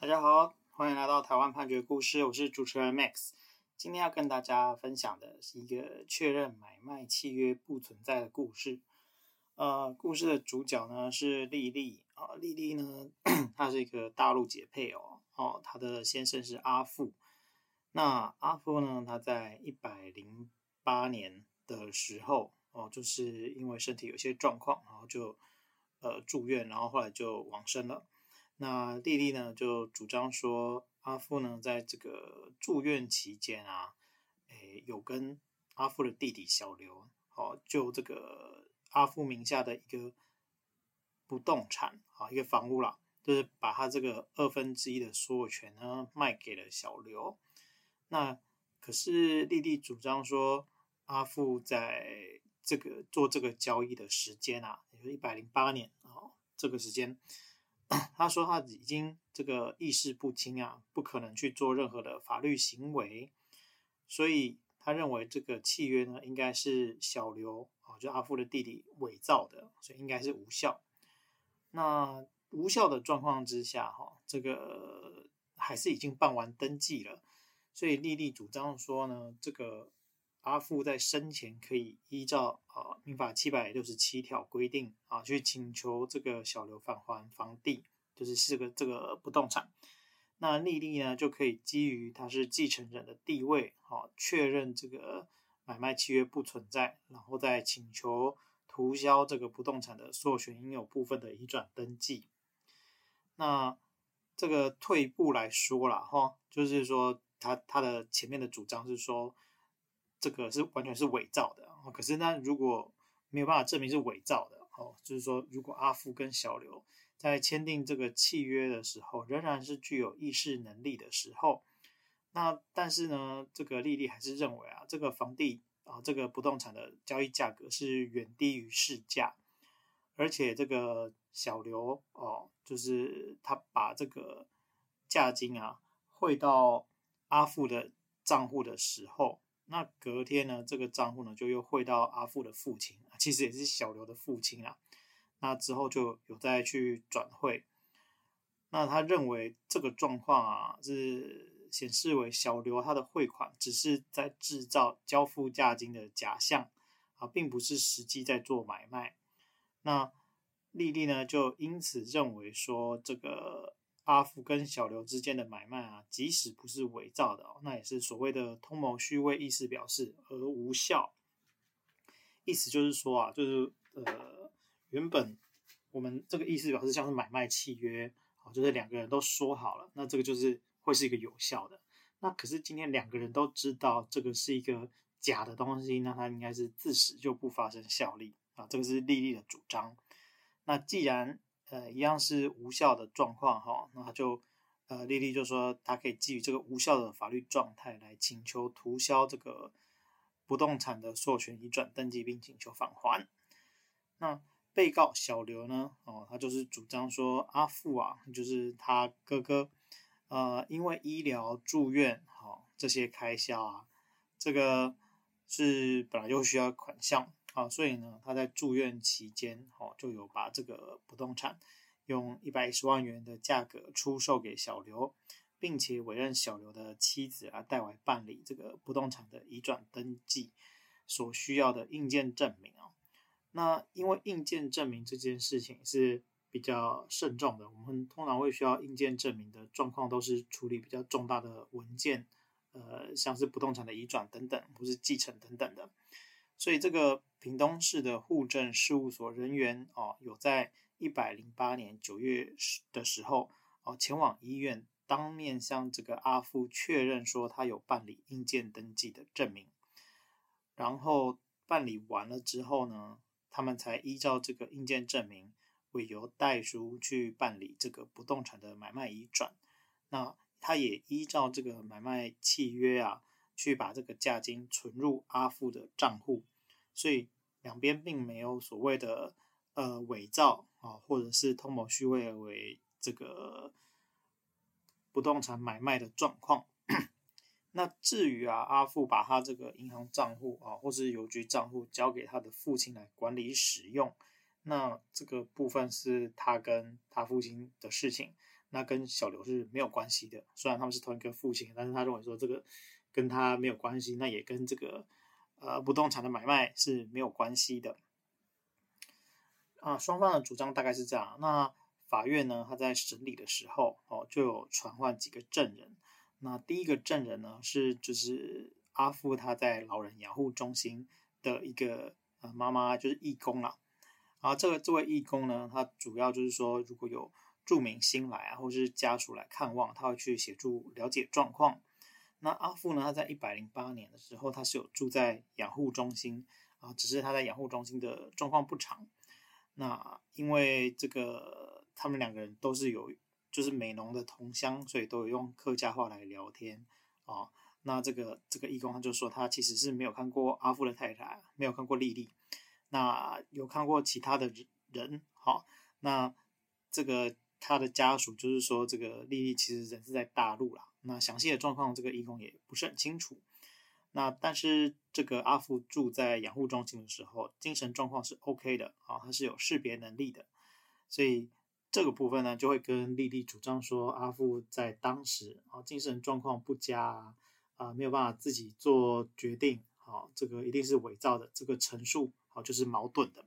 大家好，歡迎來到台灣判決故事，我是主持人 Max。今天要跟大家分享的是一個確認買賣契約不存在的故事。呃，故事的主角呢，是麗麗啊，呃，麗麗呢，她是一個大陸籍配偶哦，哦，她的先生是阿富。那阿富呢，他在一百零八年的時候哦，就是因為身體有些狀況，然後就呃住院，然後後來就往生了。那麗麗呢就主張說，阿富呢在這個住院期間啊，誒、哎，有跟阿富的弟弟小劉，哦，就這個阿富名下的一個不動產啊，一個房屋啦，就是把他這個二分之一的所有權呢賣給了小劉。那可是麗麗主張說，阿富在這個做這個交易的時間啊，也就是一百零八年啊，哦，這個時間。他說他已經這個意識不清啊，不可能去做任何的法律行為，所以他認為這個契約呢應該是小劉啊，就是阿富的弟弟偽造的，所以應該是無效。那無效的狀況之下，哈，這個還是已經辦完登記了，所以麗麗主張說呢，這個。阿富在生前可以依照呃民法七百六十七條規定啊，去請求這個小劉返還房地，就是這個這個不動產。那麗麗呢，就可以基於他是繼承人的地位，哈、啊，確認這個買賣契約不存在，然後再請求塗銷這個不動產的所有權應有部分的移轉登記。那這個退一步來說啦，哈，就是說他他的前面的主張是說。這個是完全是偽造的。哦，可是呢，如果沒有辦法證明是偽造的，哦，就是說如果阿富跟小劉在簽訂這個契約的時候，仍然是具有意識能力的時候，那但是呢，這個麗麗還是認為啊，這個房地啊，這個不動產的交易價格是遠低於市價，而且這個小劉哦，就是他把這個價金啊匯到阿富的賬戶的時候。那隔天呢，這個賬戶呢就又匯到阿富的父親，其實也是小劉的父親啊。那之後就有再去轉匯。那他認為這個狀況啊，是顯示為小劉他的匯款只是在制造交付價金的假象啊，並不是實際在做買賣。那麗麗呢就因此認為說這個。阿富跟小劉之間的買賣啊，即使不是偽造的哦，那也是所謂的通謀虛偽意思表示而無效。意思就是說啊，就是呃，原本我們這個意思表示像是買賣契約啊，就是兩個人都說好了，那這個就是會是一個有效的。那可是今天兩個人都知道這個是一個假的東西，那它應該是自始就不發生效力啊。這個是麗麗的主張。那既然呃、嗯，一樣是無效的狀況哈，那他就，呃，麗麗就說她可以基於這個無效的法律狀態來請求塗銷這個不動產的授權移轉登記，並請求返還。那被告小劉呢，哦，他就是主張說阿富啊，就是他哥哥，呃，因為醫療住院好、哦、這些開銷啊，這個是本來就需要款項。好、哦，所以呢，他在住院期間，哦，就有把這個不動產用一百一十萬元的價格出售給小劉，並且委任小劉的妻子、啊、來代為辦理這個不動產的移轉登記所需要的印鑑證明啊、哦。那因為印鑑證明這件事情是比較慎重的，我們通常會需要印鑑證明的狀況都是處理比較重大的文件，呃，像是不動產的移轉等等，或是繼承等等的。所以，這個屏東市的戶政事務所人員哦、啊，有在一百零八年九月十的時候哦，前往醫院當面向這個阿富確認說他有辦理印鑑登記的證明。然後辦理完了之後呢，他們才依照這個印鑑證明為由代書去辦理這個不動產的買賣移轉。那他也依照這個買賣契約啊。去把這個價金存入阿富的賬戶，所以兩邊並沒有所謂的呃偽造啊，或者是通謀虛偽為這個不動產買賣的狀況。 那至於啊，阿富把他這個銀行賬戶啊，或是郵局賬戶交給他的父親來管理使用，那這個部分是他跟他父親的事情，那跟小劉是沒有關係的。雖然他們是同一個父親，但是他認為說這個。跟他沒有關係，那也跟這個呃不動產的買賣是沒有關係的。啊，雙方的主張大概是這樣。那法院呢，他在審理的時候哦，就有傳喚幾個證人。那第一個證人呢，是就是阿富他在老人養護中心的一個呃媽媽，就是義工啊。然後啊這個這位義工呢，他主要就是說，如果有住民新來啊，或者是家屬來看望，他會去協助了解狀況。那阿富呢？他在一百零八年的時候，他是有住在養護中心啊，只是他在養護中心的狀況不長。那因為這個，他們兩個人都是有，就是美濃的同鄉，所以都有用客家話來聊天啊。那這個這個義工他就說，他其實是沒有看過阿富的太太，沒有看過麗麗，那有看過其他的人。好，那這個他的家屬就是說，這個麗麗其實人是在大陸啦。那詳細的狀況，這個義工也不是很清楚。那但是這個阿富住在養護中心的時候，精神狀況是 OK 的，啊，他是有識別能力的。所以這個部分呢，就會跟麗麗主張說，阿富在當時啊精神狀況不佳，啊沒有辦法自己做決定，啊，這個一定是偽造的這個陳述，啊，就是矛盾的。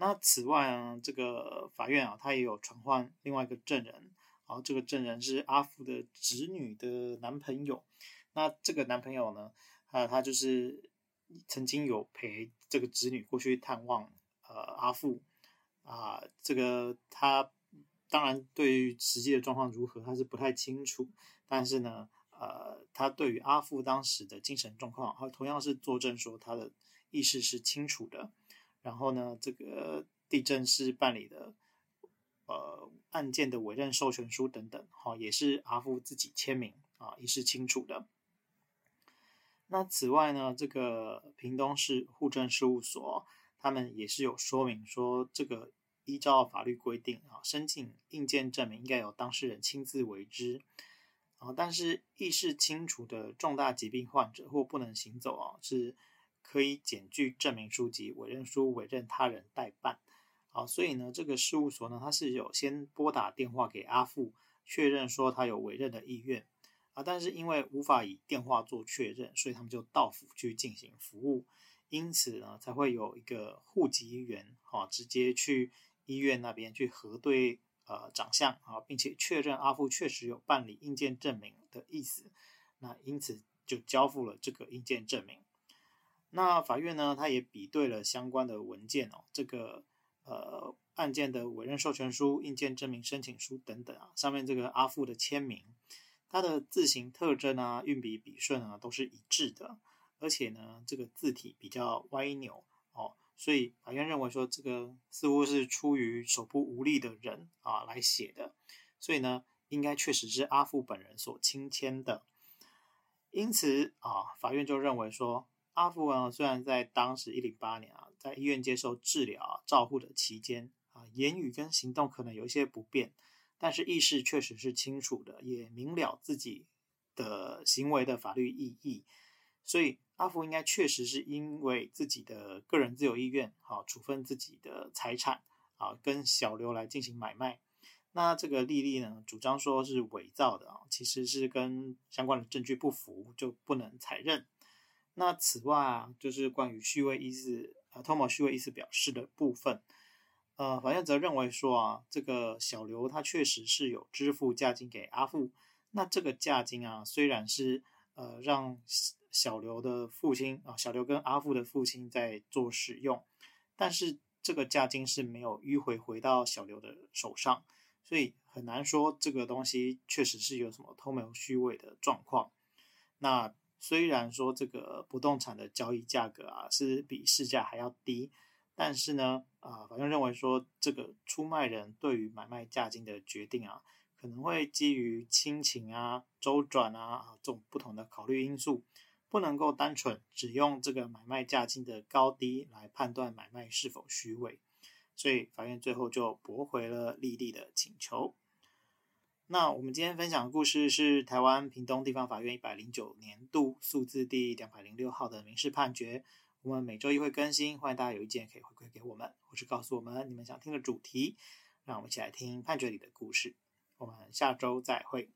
那此外，這個法院啊，他也有傳喚另外一個證人。然後這個證人是阿富的侄女的男朋友。那這個男朋友呢？啊、呃，他就是曾經有陪這個侄女過去探望呃阿富。啊、呃，這個他當然對於實際的狀況如何，他是不太清楚，但是呢，呃，他對於阿富當時的精神狀況，他同樣是作證說他的意識是清楚的。然後呢，這個地震是辦理的。呃，案件的委任授權書等等，哈，也是阿富自己簽名啊，意識清楚的。那此外呢，這個屏東市戶政事務所，他們也是有說明說，這個依照法律規定啊，申請印鑑證明應該由當事人親自為之啊。但是意識清楚的重大疾病患者或不能行走啊，是可以檢具證明書及委任書，委任他人代辦。所以呢，這個事務所呢，他是有先撥打電話給阿富確認說他有委任的意願啊，但是因為無法以電話做確認，所以他們就到府去進行服務，因此呢，才會有一個戶籍員啊，直接去醫院那邊去核對呃長相啊，並且確認阿富確實有辦理印鑑證明的意思，那因此就交付了這個印鑑證明。那法院呢，他也比對了相關的文件哦、啊，這個。呃，案件的委任授權書、印鑑證明申請書等等啊，上面這個阿富的簽名，它的字形特徵啊、運筆筆順啊，都是一致的。而且呢，這個字體比較歪扭哦，所以法院認為說，這個似乎是出於手部無力的人啊來寫的。所以呢，應該確實是阿富本人所親簽的。因此啊，法院就認為說，阿富啊，雖然在當時一零八年啊。在醫院接受治療照護的期間啊，言語跟行動可能有一些不便，但是意識確實是清楚的，也明了自己的行為的法律意義。所以阿福應該確實是因為自己的個人自由意願，好、啊、處分自己的財產啊，跟小劉來進行買賣。那這個莉莉呢，主張說是偽造的啊，其實是跟相關的證據不符，就不能採認。那此外啊，就是關於虛偽意思。啊，通謀虛偽意思表示的部分，呃，法院則認為說啊，這個小劉他確實是有支付價金給阿富，那這個價金啊，雖然是呃讓小劉的父親啊，小劉跟阿富的父親在做使用，但是這個價金是沒有迂回回到小劉的手上，所以很難說這個東西確實是有什麼通謀虛偽的狀況，那。雖然說這個不動產的交易價格啊是比市價還要低，但是呢，啊、呃，法院認為說這個出賣人對於買賣價金的決定啊，可能會基於親情啊、周轉啊啊這種不同的考慮因素，不能夠單純只用這個買賣價金的高低來判斷買賣是否虛偽，所以法院最後就駁回了麗麗的請求。那我們今天分享的故事是台灣屏東地方法院一百零九年度訴字第兩百零六號的民事判決。我們每周一會更新，歡迎大家有意見可以回饋給我們，或是告訴我們你們想聽的主題，讓我們一起來聽判決裡的故事。我們下周再會。